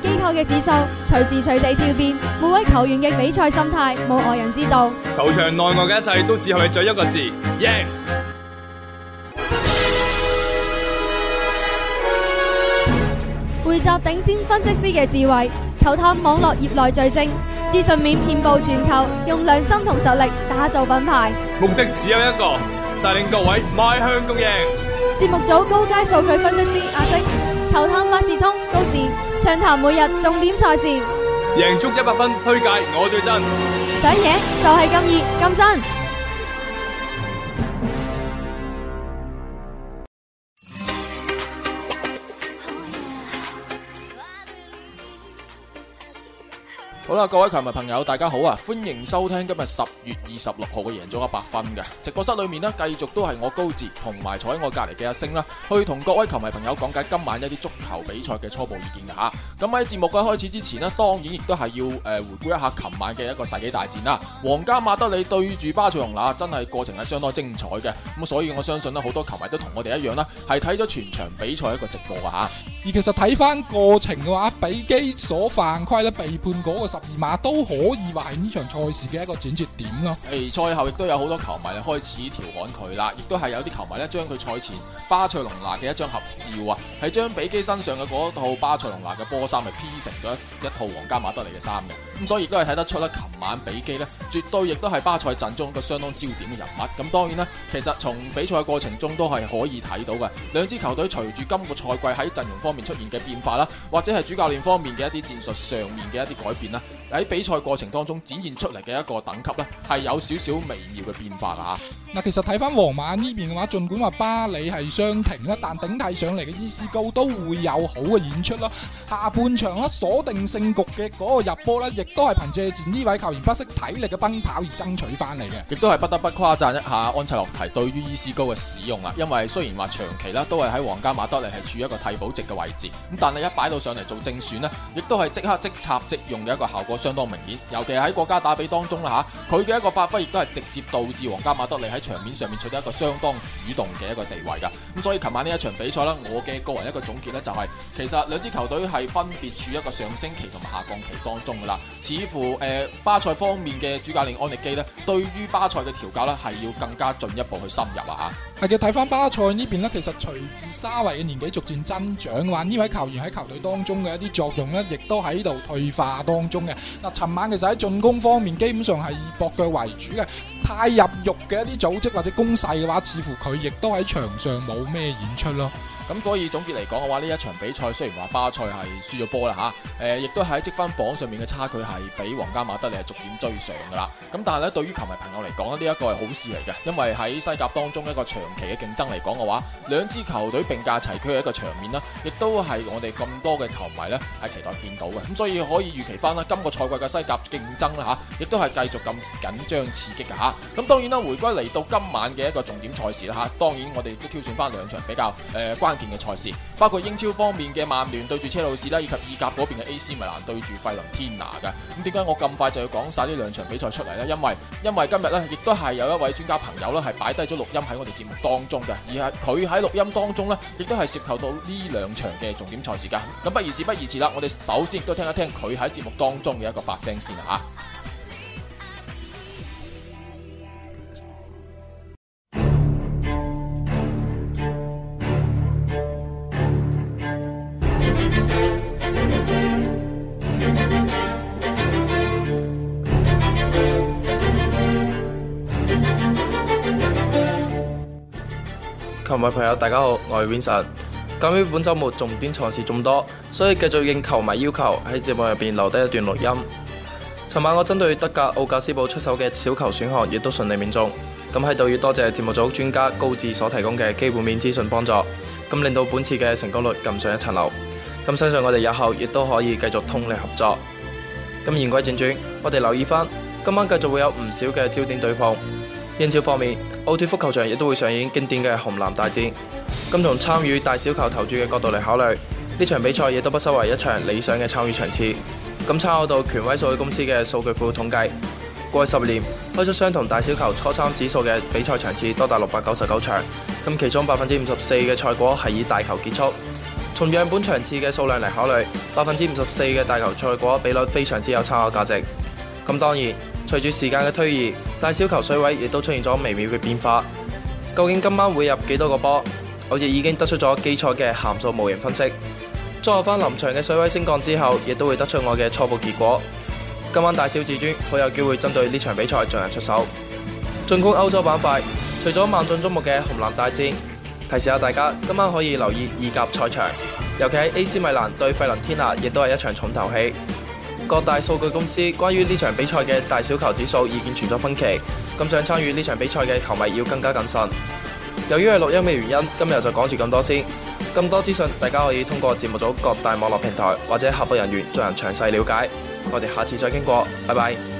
機構嘅指數隨時隨地跳變，每位球員嘅比賽心態冇外人知道。球場內外嘅一切都只可以再一個字：贏。匯集頂尖分析師嘅智慧，球探網絡業內最精，資訊面遍布全球，用良心同實力打造品牌。目的只有一個，帶領各位邁向共贏。節目組高階數據分析師阿星，球探萬事通高智。暢談每日重點賽事，贏足一百分推介，我最真，想贏就係咁易咁真。各位球迷朋友，大家好啊！歡迎收聽今日十月二十六號嘅贏足 100FUN 嘅直播室裏面呢，繼續都係我高志同埋坐喺我隔離嘅阿星啦，去同各位球迷朋友講解今晚一啲足球比賽嘅初步意見㗎吓。咁喺節目嘅開始之前呢，當然亦都係要誒、呃、回顧一下琴晚嘅一個世紀大戰啦。皇家馬德里對住巴塞隆拿真係過程係相當精彩嘅。咁所以我相信呢，好多球迷都同我哋一樣啦，係睇咗全場比賽一個直播啊。吓。而其實睇返過程嘅話，比基所犯規咧，被判嗰個十二馬都可以話係呢場賽事嘅一個轉折點咯。而賽後亦都有好多球迷開始調侃佢啦，亦都係有啲球迷咧將佢賽前巴塞隆拿嘅一張合照啊，係將比基身上嘅嗰套巴塞隆拿嘅波衫，係 P 成咗一,一套皇家馬德里嘅衫嘅。咁所以都係睇得出啦，琴晚比基呢，絕對亦都係巴塞陣中一個相當焦點嘅人物。咁當然啦，其實從比賽嘅過程中都係可以睇到嘅，兩支球隊隨住今個賽季喺陣容方面出現嘅變化啦，或者係主教練方面嘅一啲戰術上面嘅一啲改變啦。喺比賽過程當中展現出嚟嘅一個等級呢，係有少少微妙嘅變化啊！嗱，其實睇翻皇馬呢邊嘅話，儘管話巴里係傷停啦，但頂替上嚟嘅伊斯高都會有好嘅演出啦。下半場啦，鎖定勝局嘅嗰個入波呢，亦都係憑藉住呢位球員不惜體力嘅奔跑而爭取翻嚟嘅。亦都係不得不誇讚一下安切洛提對於伊斯高嘅使用啦。因為雖然話長期啦都係喺皇家馬德里係處於一個替補席嘅位置，咁但係一擺到上嚟做正選呢，亦都係即刻即插即用嘅一個效果相當明顯。尤其係喺國家打比當中啦嚇，佢嘅一個發揮亦都係直接導致皇家馬德里喺場面上面取得一個相當主動嘅一個地位噶，咁所以琴晚呢一場比賽啦，我嘅個人一個總結呢，就係、是，其實兩支球隊係分別處一個上升期同埋下降期當中噶啦。似乎誒、呃、巴塞方面嘅主教練安歷基呢，對於巴塞嘅調教呢，係要更加進一步去深入的啊。係嘅，睇翻巴塞呢邊呢，其實隨住沙維嘅年紀逐漸增長嘅話，呢位球員喺球隊當中嘅一啲作用呢，亦都喺度退化當中嘅。嗱，尋晚其實喺進攻方面基本上係以博腳為主嘅。太入肉嘅一啲組織或者攻勢嘅話，似乎佢亦都喺場上冇咩演出咯。咁所以總結嚟講嘅話，呢一場比賽雖然話巴塞係輸咗波啦吓，誒，亦都喺積分榜上面嘅差距係俾皇家馬德里係逐漸追上噶啦。咁但係咧，對於球迷朋友嚟講呢一個係好事嚟嘅，因為喺西甲當中一個長期嘅競爭嚟講嘅話，兩支球隊並駕齊驅嘅一個場面呢，亦都係我哋咁多嘅球迷呢係期待見到嘅。咁所以可以預期翻啦，今個賽季嘅西甲競爭啦吓，亦都係繼續咁緊張刺激㗎。吓。咁當然啦，回歸嚟到今晚嘅一個重點賽事啦吓，當然我哋都挑選翻兩場比較誒、呃、關。件嘅賽事，包括英超方面嘅曼聯對住車路士啦，以及意甲嗰邊嘅 AC 米蘭對住費倫天拿嘅。咁點解我咁快就要講晒呢兩場比賽出嚟？呢？因為因為今日呢，亦都係有一位專家朋友呢，係擺低咗錄音喺我哋節目當中嘅，而係佢喺錄音當中呢，亦都係涉及到呢兩場嘅重點賽事噶。咁不如事不宜遲啦，我哋首先亦都聽一聽佢喺節目當中嘅一個發聲先啦、啊、吓。各位朋友，大家好，我係 Vincent。鑑於本周末重點賽事眾多，所以繼續應球迷要求喺節目入邊留低一段錄音。尋晚我針對德甲奧格斯堡出手嘅小球選項亦都順利命中。咁喺度要多謝節目組專家高志所提供嘅基本面資訊幫助，咁令到本次嘅成功率更上一層樓。咁相信我哋日後亦都可以繼續通力合作。咁言歸正傳，我哋留意翻今晚繼續會有唔少嘅焦點對碰。英超方面，奧脫福球場亦都會上演經典嘅紅藍大戰。咁從參與大小球投注嘅角度嚟考慮，呢場比賽亦都不失為一場理想嘅參與場次。咁參考到權威數據公司嘅數據庫統計，過去十年開出相同大小球初參指數嘅比賽場次多達六百九十九場，咁其中百分之五十四嘅賽果係以大球結束。從樣本場次嘅數量嚟考慮，百分之五十四嘅大球賽果比率非常之有參考價值。咁當然，隨住時間嘅推移，大小球水位亦都出現咗微妙嘅變化。究竟今晚會入幾多個波？我亦已經得出咗基礎嘅函數模型分析。再我翻臨場嘅水位升降之後，亦都會得出我嘅初步結果。今晚大小至尊好有機會針對呢場比賽進行出手。進攻歐洲板塊，除咗萬眾矚目嘅紅藍大戰，提示下大家今晚可以留意意甲賽場，尤其係 AC 米蘭對費倫天拿，亦都係一場重頭戲。各大數據公司關於呢場比賽嘅大小球指數意見存在分歧，咁想參與呢場比賽嘅球迷要更加謹慎。由於係錄音嘅原因，今日就講住咁多先。咁多資訊，大家可以通過節目組各大網絡平台或者客服人員進行詳細了解。我哋下次再經過，拜拜。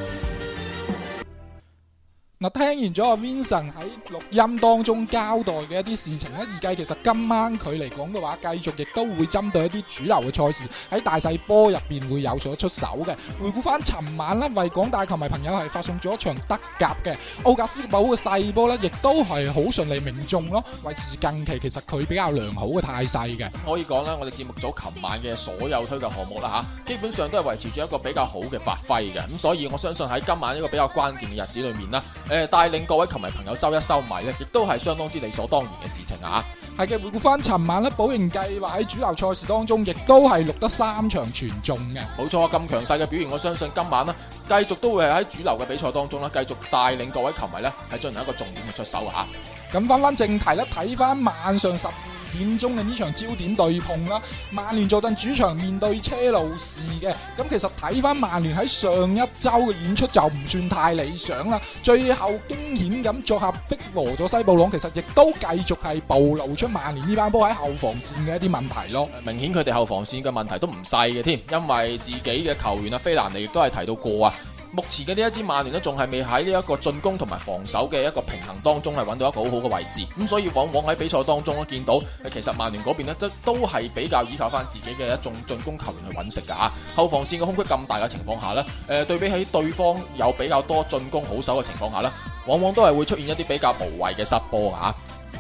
聽完咗阿 Vincent 喺錄音當中交代嘅一啲事情咧，預計其實今晚佢嚟講嘅話，繼續亦都會針對一啲主流嘅賽事喺大細波入邊會有所出手嘅。回顧翻尋晚咧，為廣大球迷朋友係發送咗一場德甲嘅奧格斯堡嘅細波咧，亦都係好順利命中咯，維持住近期其實佢比較良好嘅態勢嘅。可以講咧，我哋節目組尋晚嘅所有推介項目啦吓，基本上都係維持住一個比較好嘅發揮嘅。咁所以我相信喺今晚一個比較關鍵嘅日子裏面咧。誒，帶領各位球迷朋友周一收米咧，亦都係相當之理所當然嘅事情啊！係嘅，回顧翻尋晚咧，保盈計劃喺主流賽事當中，亦都係錄得三場全中嘅。冇錯啊，咁強勢嘅表現，我相信今晚咧，繼續都會係喺主流嘅比賽當中咧，繼續帶領各位球迷咧，係進行一個重點嘅出手啊！咁翻翻正題咧，睇翻晚上十點鐘嘅呢場焦點對碰啦，曼聯坐陣主場面對車路士嘅，咁其實睇翻曼聯喺上一周嘅演出就唔算太理想啦，最後驚險咁作客逼和咗西布朗，其實亦都繼續係暴露出曼聯呢班波喺後防線嘅一啲問題咯，明顯佢哋後防線嘅問題都唔細嘅添，因為自己嘅球員啊，菲蘭尼亦都係提到過啊。目前嘅呢一支曼聯咧，仲係未喺呢一個進攻同埋防守嘅一個平衡當中，係揾到一個好好嘅位置。咁所以往往喺比賽當中，我見到其實曼聯嗰邊都都係比較依靠翻自己嘅一眾進攻球員去揾食噶吓。後防線嘅空隙咁大嘅情況下咧，誒對比起對方有比較多進攻好手嘅情況下咧，往往都係會出現一啲比較無謂嘅失波吓。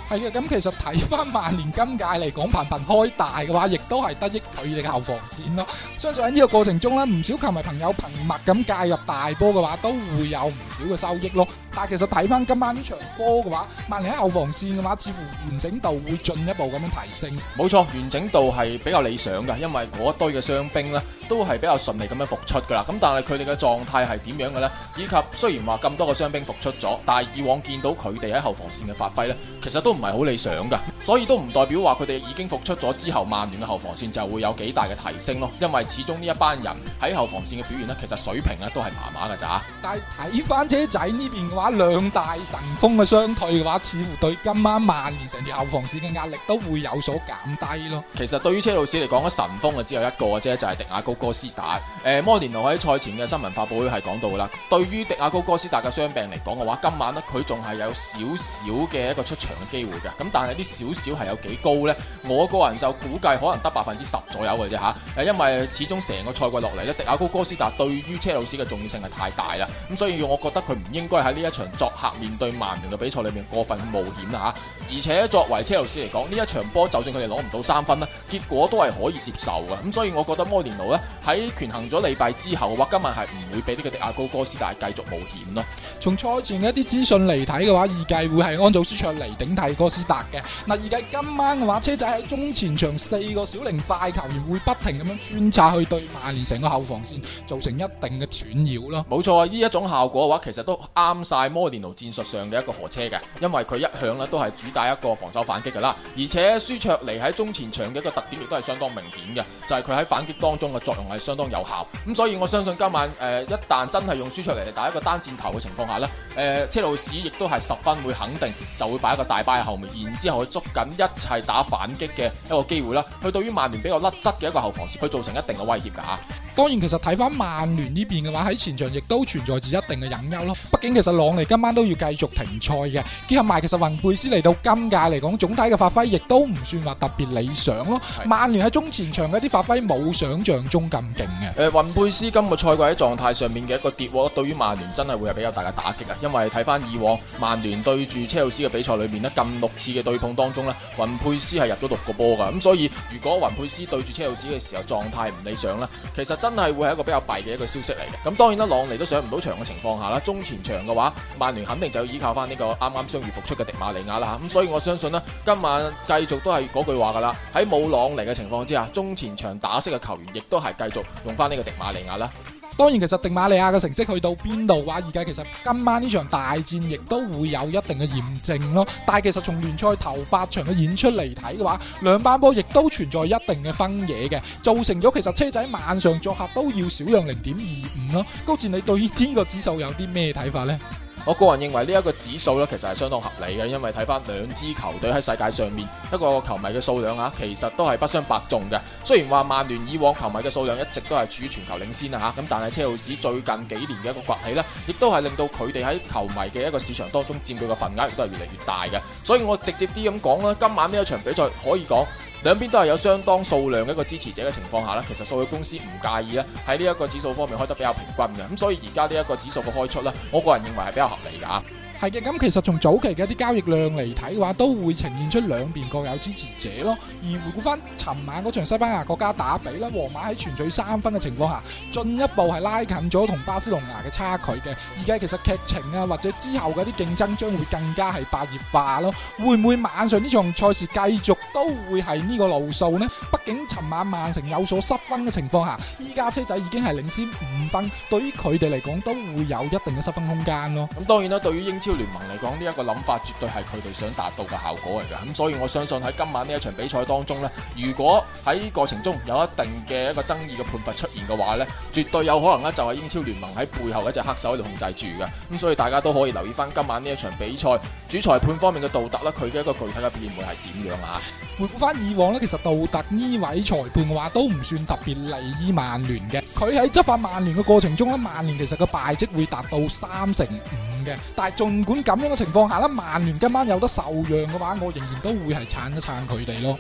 係嘅，咁其實睇翻曼聯今屆嚟講，頻頻開大嘅話，亦都係得益佢哋嘅後防線咯。相信喺呢個過程中咧，唔少球迷朋友頻密咁介入大波嘅話，都會有唔少嘅收益咯。但係其實睇翻今晚呢場波嘅話，曼聯後防線嘅話，似乎完整度會進一步咁樣提升。冇錯，完整度係比較理想嘅，因為嗰一堆嘅傷兵咧。都係比較順利咁樣復出噶啦，咁但係佢哋嘅狀態係點樣嘅呢？以及雖然話咁多個傷兵復出咗，但係以往見到佢哋喺後防線嘅發揮呢，其實都唔係好理想噶，所以都唔代表話佢哋已經復出咗之後，曼聯嘅後防線就會有幾大嘅提升咯。因為始終呢一班人喺後防線嘅表現呢，其實水平咧都係麻麻噶咋。但係睇翻車仔呢邊嘅話，兩大神鋒嘅傷退嘅話，似乎對今晚曼聯成條後防線嘅壓力都會有所減低咯。其實對於車路士嚟講咧，神鋒就只有一個啫，就係、是、迪亞高。哥斯達，誒、欸，摩連奴喺賽前嘅新聞發佈會係講到啦，對於迪亞高哥斯達嘅傷病嚟講嘅話，今晚咧佢仲係有少少嘅一個出場嘅機會嘅，咁但係啲少少係有幾高呢？我個人就估計可能得百分之十左右嘅啫吓，因為始終成個賽季落嚟咧，迪亞高哥斯達對於車路士嘅重要性係太大啦，咁所以我覺得佢唔應該喺呢一場作客面對曼聯嘅比賽裏面過分的冒險啦、啊、而且作為車路士嚟講，呢一場波就算佢哋攞唔到三分啦，結果都係可以接受嘅，咁所以我覺得摩連奴咧。喺權衡咗利弊之後嘅話，今日係唔會俾呢個迪亞高哥斯達繼續冒險咯。從賽前嘅一啲資訊嚟睇嘅話，預計會係安祖舒卓尼頂替哥斯達嘅。嗱，預計今晚嘅話，車仔喺中前場四個小靈快球員會不停咁樣穿插去對曼聯成個後防線造成一定嘅串擾咯。冇錯，呢一種效果嘅話，其實都啱晒摩連奴戰術上嘅一個河車嘅，因為佢一向咧都係主打一個防守反擊嘅啦。而且舒卓尼喺中前場嘅一個特點亦都係相當明顯嘅，就係佢喺反擊當中嘅作。仲係相當有效咁，所以我相信今晚，呃、一旦真係用輸出嚟打一個單箭頭嘅情況下呢，誒、呃、車路士亦都係十分會肯定就會擺一個大巴喺後面，然之後去捉緊一切打反擊嘅一個機會啦。佢對於曼聯比較甩質嘅一個後防，佢造成一定嘅威脅㗎嚇。當然，其實睇翻曼聯呢邊嘅話，喺前場亦都存在住一定嘅隱憂咯。畢竟其實朗尼今晚都要繼續停賽嘅，結合埋其實雲佩斯嚟到今屆嚟講，總體嘅發揮亦都唔算話特別理想咯。曼聯喺中前場嘅啲發揮冇想象中咁勁嘅。誒、呃，雲佩斯今個賽季喺狀態上面嘅一個跌落，對於曼聯真係會係比較大嘅打擊啊！因為睇翻以往曼聯對住車路士嘅比賽裏面呢，近六次嘅對碰當中呢，雲佩斯係入咗六個波㗎。咁所以如果雲佩斯對住車路士嘅時候狀態唔理想呢。其實真的真係會係一個比較弊嘅一個消息嚟嘅，咁當然啦，朗尼都上唔到場嘅情況下啦，中前場嘅話，曼聯肯定就要依靠翻呢個啱啱傷愈復出嘅迪馬利亞啦，咁所以我相信呢，今晚繼續都係嗰句話噶啦，喺冇朗尼嘅情況之下，中前場打式嘅球員亦都係繼續用翻呢個迪馬利亞啦。當然，其實迪馬利亞嘅成績去到邊度嘅話，而家其實今晚呢場大戰亦都會有一定嘅驗證咯。但係其實從聯賽頭八場嘅演出嚟睇嘅話，兩班波亦都存在一定嘅分野嘅，造成咗其實車仔晚上作客都要少讓零點二五咯。高志，你對於呢個指數有啲咩睇法呢？我個人認為呢一個指數呢，其實係相當合理嘅，因為睇翻兩支球隊喺世界上面一個球迷嘅數量啊，其實都係不相伯仲嘅。雖然話曼聯以往球迷嘅數量一直都係處於全球領先啊吓，咁但係車路士最近幾年嘅一個崛起呢，亦都係令到佢哋喺球迷嘅一個市場當中佔據嘅份額亦都係越嚟越大嘅。所以我直接啲咁講啦，今晚呢一場比賽可以講。兩邊都係有相當數量嘅一個支持者嘅情況下咧，其實所有公司唔介意咧，喺呢一個指數方面開得比較平均嘅，咁所以而家呢一個指數嘅開出咧，我個人認為係比較合理嘅啊。係嘅，咁其實從早期嘅一啲交易量嚟睇嘅話，都會呈現出兩邊各有支持者咯。而回顧翻尋晚嗰場西班牙國家打比啦，皇馬喺全取三分嘅情況下，進一步係拉近咗同巴塞隆拿嘅差距嘅。而家其實劇情啊，或者之後嗰啲競爭將會更加係白熱化咯。會唔會晚上呢場賽事繼續都會係呢個路數呢？畢竟尋晚曼城有所失分嘅情況下，依家車仔已經係領先五分，對於佢哋嚟講都會有一定嘅失分空間咯。咁當然啦，對於英英超聯盟嚟講，呢一個諗法絕對係佢哋想達到嘅效果嚟嘅，咁所以我相信喺今晚呢一場比賽當中呢，如果喺過程中有一定嘅一個爭議嘅判罰出現嘅話呢，絕對有可能呢就係英超聯盟喺背後一隻黑手喺度控制住嘅。咁所以大家都可以留意翻今晚呢一場比賽主裁判方面嘅道德咧，佢嘅一個具體嘅表現會係點樣啊？回顧翻以往呢，其實道達呢位裁判嘅話都唔算特別利益曼聯嘅，佢喺執法曼聯嘅過程中呢，曼聯其實個敗績會達到三成五嘅，但係唔管咁樣嘅情況下啦，曼聯今晚有得受讓嘅話，我仍然都會係撐一撐佢哋咯。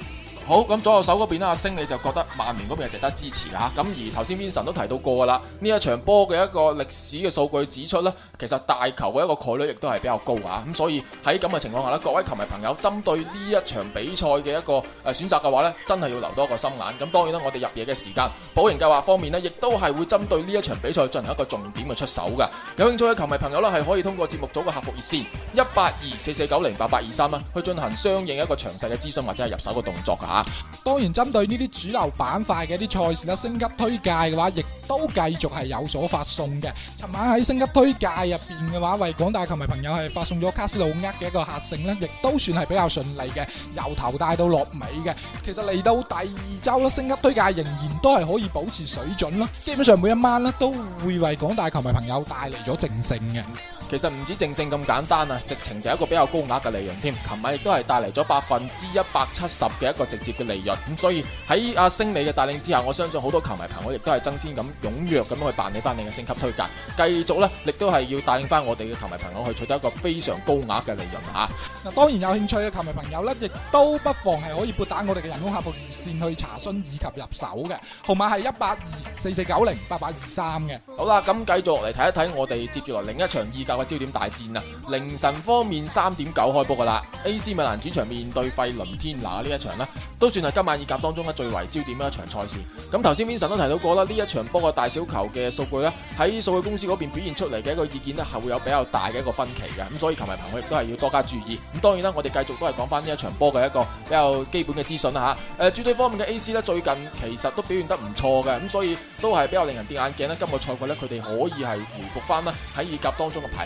好咁，左右手嗰邊呢，阿星你就覺得曼聯嗰邊係值得支持啦，啊。咁而頭先 Vincent 都提到過噶啦，呢一場波嘅一個歷史嘅數據指出呢，其實大球嘅一個概率，亦都係比較高啊。咁所以喺咁嘅情況下呢，各位球迷朋友針對呢一場比賽嘅一個誒選擇嘅話呢，真係要留多一個心眼。咁當然啦，我哋入夜嘅時間，保盈計劃方面呢，亦都係會針對呢一場比賽進行一個重點嘅出手噶。有興趣嘅球迷朋友呢，係可以通過節目組嘅客服熱線一八二四四九零八八二三啦，-4 -4 -8 -8 去進行相應一個詳細嘅諮詢或者係入手嘅動作噶、啊當然，針對呢啲主流板塊嘅啲賽事啦，升級推介嘅話，亦都繼續係有所發送嘅。尋晚喺升級推介入邊嘅話，為廣大球迷朋友係發送咗卡斯路厄嘅一個客勝呢，亦都算係比較順利嘅，由頭帶到落尾嘅。其實嚟到第二周啦，升級推介仍然都係可以保持水準啦。基本上每一晚呢都會為廣大球迷朋友帶嚟咗正勝嘅。其實唔止正勝咁簡單啊，直情就係一個比較高額嘅利潤添。琴晚亦都係帶嚟咗百分之一百七十嘅一個直接嘅利潤。咁所以喺阿星美嘅帶領之下，我相信好多球迷朋友亦都係爭先咁踴躍咁去辦理翻你嘅升級推介，繼續呢，亦都係要帶領翻我哋嘅球迷朋友去取得一個非常高額嘅利潤吓。嗱，當然有興趣嘅球迷朋友呢，亦都不妨係可以撥打我哋嘅人工客服熱線去查詢以及入手嘅，號碼係一八二四四九零八八二三嘅。好啦，咁繼續嚟睇一睇我哋接住嚟另一場二九。焦點大戰啊！凌晨方面三點九開波噶啦，AC 米蘭主場面對費倫天拿呢一場都算係今晚意甲當中嘅最為焦點嘅一場賽事。咁頭先 Vincent 都提到過啦，呢一場波嘅大小球嘅數據呢喺數據公司嗰邊表現出嚟，嘅一個意見呢係會有比較大嘅一個分歧嘅。咁所以球迷朋友亦都係要多加注意。咁當然啦，我哋繼續都係講翻呢一場波嘅一個比較基本嘅資訊啦吓。誒，主隊方面嘅 AC 呢，最近其實都表現得唔錯嘅，咁所以都係比較令人跌眼鏡咧。今個賽季呢，佢哋可以係回復翻啦，喺意甲當中嘅排。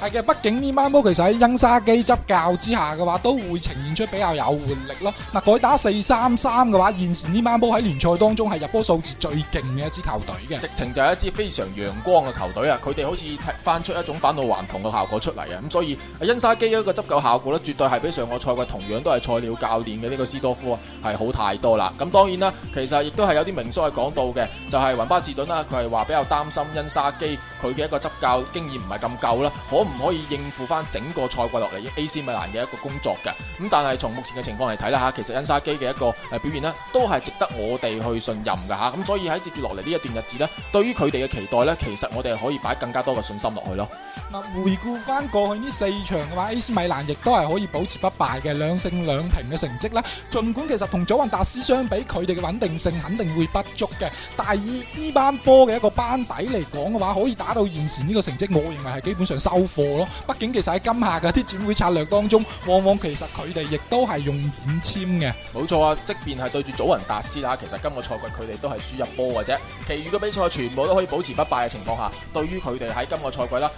係嘅，畢竟呢班波其實喺恩沙基執教之下嘅話，都會呈現出比較有活力咯。嗱，改打四三三嘅話，現時呢班波喺聯賽當中係入波數字最勁嘅一支球隊嘅，直情就係一支非常陽光嘅球隊啊！佢哋好似踢返出一種返老還童嘅效果出嚟啊！咁所以，恩沙基一個執教效果咧，絕對係比上個賽季同樣都係菜鳥教練嘅呢個斯多夫啊，係好太多啦。咁當然啦，其實亦都係有啲名宿係講到嘅，就係、是、雲巴士頓啦，佢係話比較擔心恩沙基佢嘅一個執教經驗唔係咁夠啦，都唔可以應付翻整個賽季落嚟 AC 米蘭嘅一個工作嘅，咁但係從目前嘅情況嚟睇啦吓，其實恩沙基嘅一個誒表現呢，都係值得我哋去信任嘅吓，咁所以喺接住落嚟呢一段日子呢，對於佢哋嘅期待呢，其實我哋可以擺更加多嘅信心落去咯。回顧翻過去呢四場嘅話，AC 米蘭亦都係可以保持不敗嘅兩勝兩平嘅成績啦。盡管其實同祖雲達斯相比，佢哋嘅穩定性肯定會不足嘅，但係呢班波嘅一個班底嚟講嘅話，可以打到現時呢個成績，我認為係基本上收貨咯。畢竟其實喺今夏嘅啲轉會策略當中，往往其實佢哋亦都係用五簽嘅。冇錯啊，即便係對住祖雲達斯啊，其實今個賽季佢哋都係輸入波嘅啫。其餘嘅比賽全部都可以保持不敗嘅情況下，對於佢哋喺今個賽季啦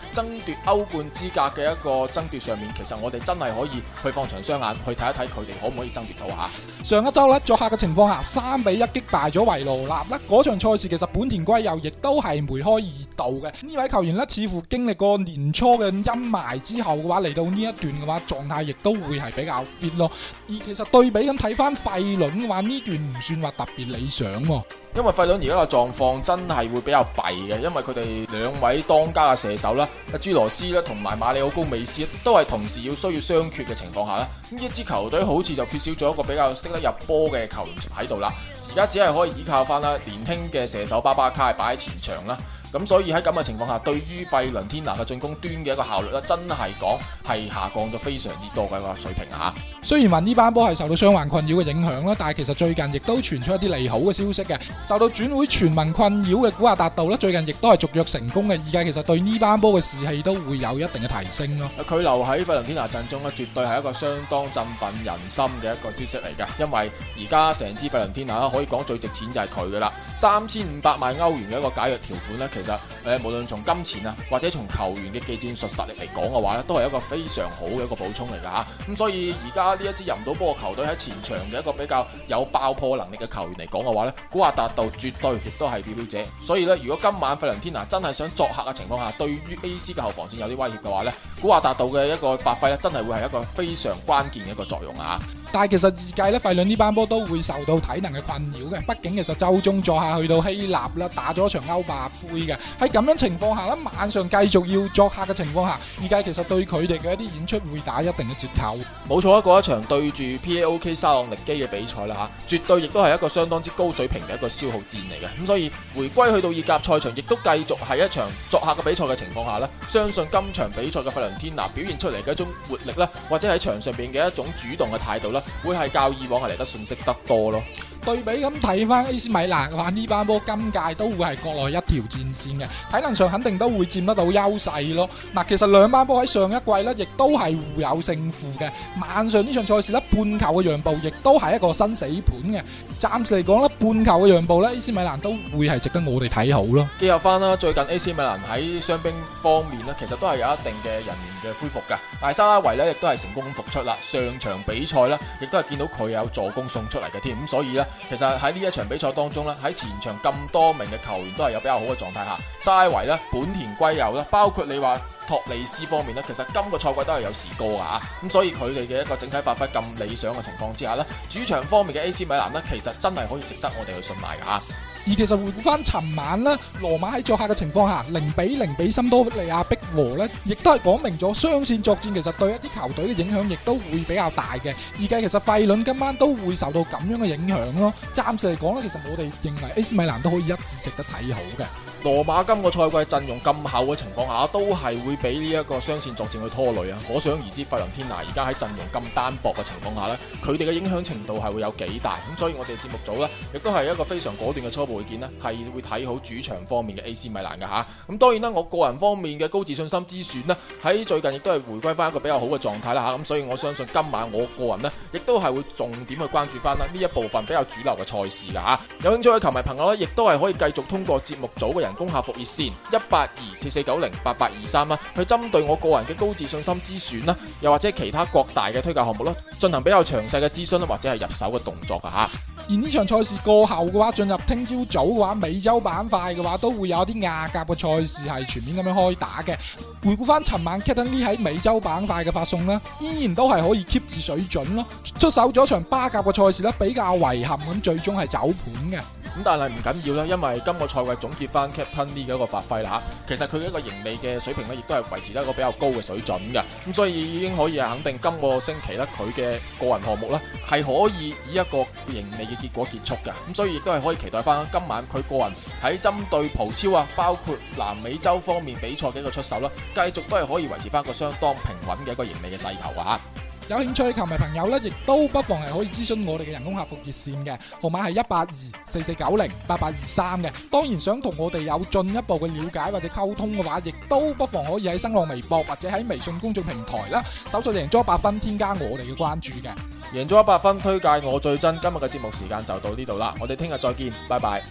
奪歐冠資格嘅一個爭奪上面，其實我哋真係可以去放長雙眼去睇一睇佢哋可唔可以爭奪到吓。上一周咧，作客嘅情況下，三比一擊敗咗維羅納啦。嗰場賽事其實本田圭佑亦都係梅開二度嘅。呢位球員咧，似乎經歷過年初嘅陰霾之後嘅話，嚟到呢一段嘅話，狀態亦都會係比較 fit 咯。而其實對比咁睇翻費倫嘅話，呢段唔算話特別理想喎。因為費倫而家嘅狀況真係會比較弊嘅，因為佢哋兩位當家嘅射手啦，阿朱羅斯啦，同埋馬里奧高美斯都係同時要需要傷缺嘅情況下咧，咁一支球隊好似就缺少咗一個比較識得入波嘅球員喺度啦，而家只係可以依靠翻啦年輕嘅射手巴巴卡係擺喺前場啦。咁所以喺咁嘅情況下，對於費倫天拿嘅進攻端嘅一個效率咧，真係講係下降咗非常之多嘅一個水平吓、啊。雖然話呢班波係受到傷患困擾嘅影響啦，但係其實最近亦都傳出一啲利好嘅消息嘅。受到轉會傳聞困擾嘅古阿達道呢，最近亦都係續約成功嘅，而家其實對呢班波嘅士氣都會有一定嘅提升咯、啊。佢留喺費倫天拿陣中呢，絕對係一個相當振奮人心嘅一個消息嚟嘅，因為而家成支費倫天拿可以講最值錢就係佢噶啦，三千五百萬歐元嘅一個解約條款呢。其實誒、呃，無論從金錢啊，或者從球員嘅技戰術實力嚟講嘅話咧，都係一個非常好嘅一個補充嚟噶吓。咁、啊嗯、所以而家呢一支入唔到波嘅球隊喺前場嘅一個比較有爆破能力嘅球員嚟講嘅話咧，古亞達度絕對亦都係表表者。所以咧，如果今晚費倫天拿真係想作客嘅情況下，對於 AC 嘅後防線有啲威脅嘅話咧，古亞達度嘅一個發揮咧，真係會係一個非常關鍵嘅一個作用啊！但係其實意界咧，費倫呢班波都會受到體能嘅困擾嘅。畢竟其實周中作客去到希臘啦，打咗一場歐霸杯嘅。喺咁樣情況下啦，晚上繼續要作客嘅情況下，意界其實對佢哋嘅一啲演出會打一定嘅折扣。冇錯啦，嗰一場對住 PAOK 沙朗力基嘅比賽啦吓，絕對亦都係一個相當之高水平嘅一個消耗戰嚟嘅。咁所以回歸去到意甲賽場，亦都繼續係一場作客嘅比賽嘅情況下呢，相信今場比賽嘅費倫天拿表現出嚟嘅一種活力啦，或者喺場上邊嘅一種主動嘅態度，會係較以往係嚟得信息得多咯。對比咁睇翻 AC 米蘭嘅話，呢班波今屆都會係國內一條戰線嘅，體能上肯定都會佔得到優勢咯。嗱，其實兩班波喺上一季呢，亦都係互有勝負嘅。晚上呢場賽事呢，半球嘅讓步亦都係一個生死盤嘅。暫時嚟講呢，半球嘅讓步呢 AC 米蘭都會係值得我哋睇好咯。結合翻啦，最近 AC 米蘭喺傷兵方面呢，其實都係有一定嘅人員嘅恢復㗎。艾沙拉維呢亦都係成功復出啦，上場比賽呢，亦都係見到佢有助攻送出嚟嘅添，咁所以呢其實喺呢一場比賽當中咧，喺前場咁多名嘅球員都係有比較好嘅狀態下，沙維本田圭佑啦，包括你話托利斯方面咧，其實今個賽季都係有士哥噶吓，咁所以佢哋嘅一個整體發揮咁理想嘅情況之下咧，主場方面嘅 AC 米蘭呢，其實真係可以值得我哋去信賴噶吓。而其實回顧翻尋晚咧，羅馬喺作客嘅情況下，零比零比森多利亞逼和咧，亦都係講明咗雙線作戰其實對一啲球隊嘅影響亦都會比較大嘅。而家其實費倫今晚都會受到咁樣嘅影響咯。暫時嚟講呢，其實我哋認為 AC 米蘭都可以一致值得睇好嘅。羅馬今個賽季陣容咁厚嘅情況下，都係會俾呢一個雙線作戰去拖累啊！可想而知，費倫天拿而家喺陣容咁單薄嘅情況下呢，佢哋嘅影響程度係會有幾大咁。所以我哋節目組呢，亦都係一個非常果斷嘅初步意見呢，係會睇好主場方面嘅 AC 米蘭㗎。吓，咁當然啦，我個人方面嘅高自信心之選呢，喺最近亦都係回歸翻一個比較好嘅狀態啦吓，咁所以我相信今晚我個人呢，亦都係會重點去關注翻啦呢一部分比較主流嘅賽事㗎。吓有興趣嘅球迷朋友呢，亦都係可以繼續通過節目組嘅人。東下服熱線一八二四四九零八八二三啦，去針對我個人嘅高自信心之選啦、啊，又或者其他各大嘅推介項目咯、啊，進行比較詳細嘅諮詢或者係入手嘅動作噶、啊、吓。而呢場賽事過後嘅話，進入聽朝早嘅話，美洲板塊嘅話都會有啲亞甲嘅賽事係全面咁樣開打嘅。回顧翻尋晚 Ketany 喺美洲板塊嘅發送啦，依然都係可以 keep 住水準咯。出手咗場巴甲嘅賽事比較遺憾咁，最終係走盤嘅。咁但係唔緊要啦，因為今個賽季總結翻 Captain Lee 嘅一個發揮啦嚇，其實佢嘅一個盈利嘅水平咧，亦都係維持得一個比較高嘅水準嘅，咁所以已經可以係肯定今個星期咧佢嘅個人項目咧係可以以一個盈利嘅結果結束嘅，咁所以亦都係可以期待翻今晚佢個人喺針對葡超啊，包括南美洲方面比賽嘅一個出手啦，繼續都係可以維持翻一個相當平穩嘅一個盈利嘅勢頭嘅嚇。有興趣嘅球迷朋友咧，亦都不妨係可以諮詢我哋嘅人工客服熱線嘅，號碼係一八二四四九零八八二三嘅。當然想同我哋有進一步嘅了解或者溝通嘅話，亦都不妨可以喺新浪微博或者喺微信公眾平台啦，搜索贏咗一百分，添加我哋嘅關注嘅。贏咗一百分，推介我最真。今日嘅節目時間就到呢度啦，我哋聽日再見，拜拜。